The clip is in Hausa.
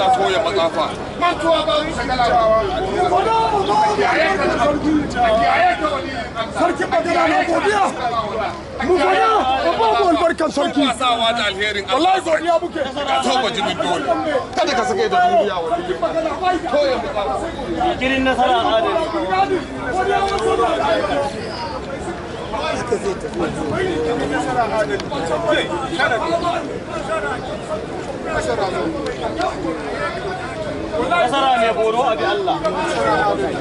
ta toye matsafa sarki madina na godiya mu godiya ba ba mu albarkan sarki wallahi godiya muke ka tauba jinin dole kada ka sake da duniya wallahi toye matsafa girin nasara adali haka zai tafi nasara ne boro abi Allah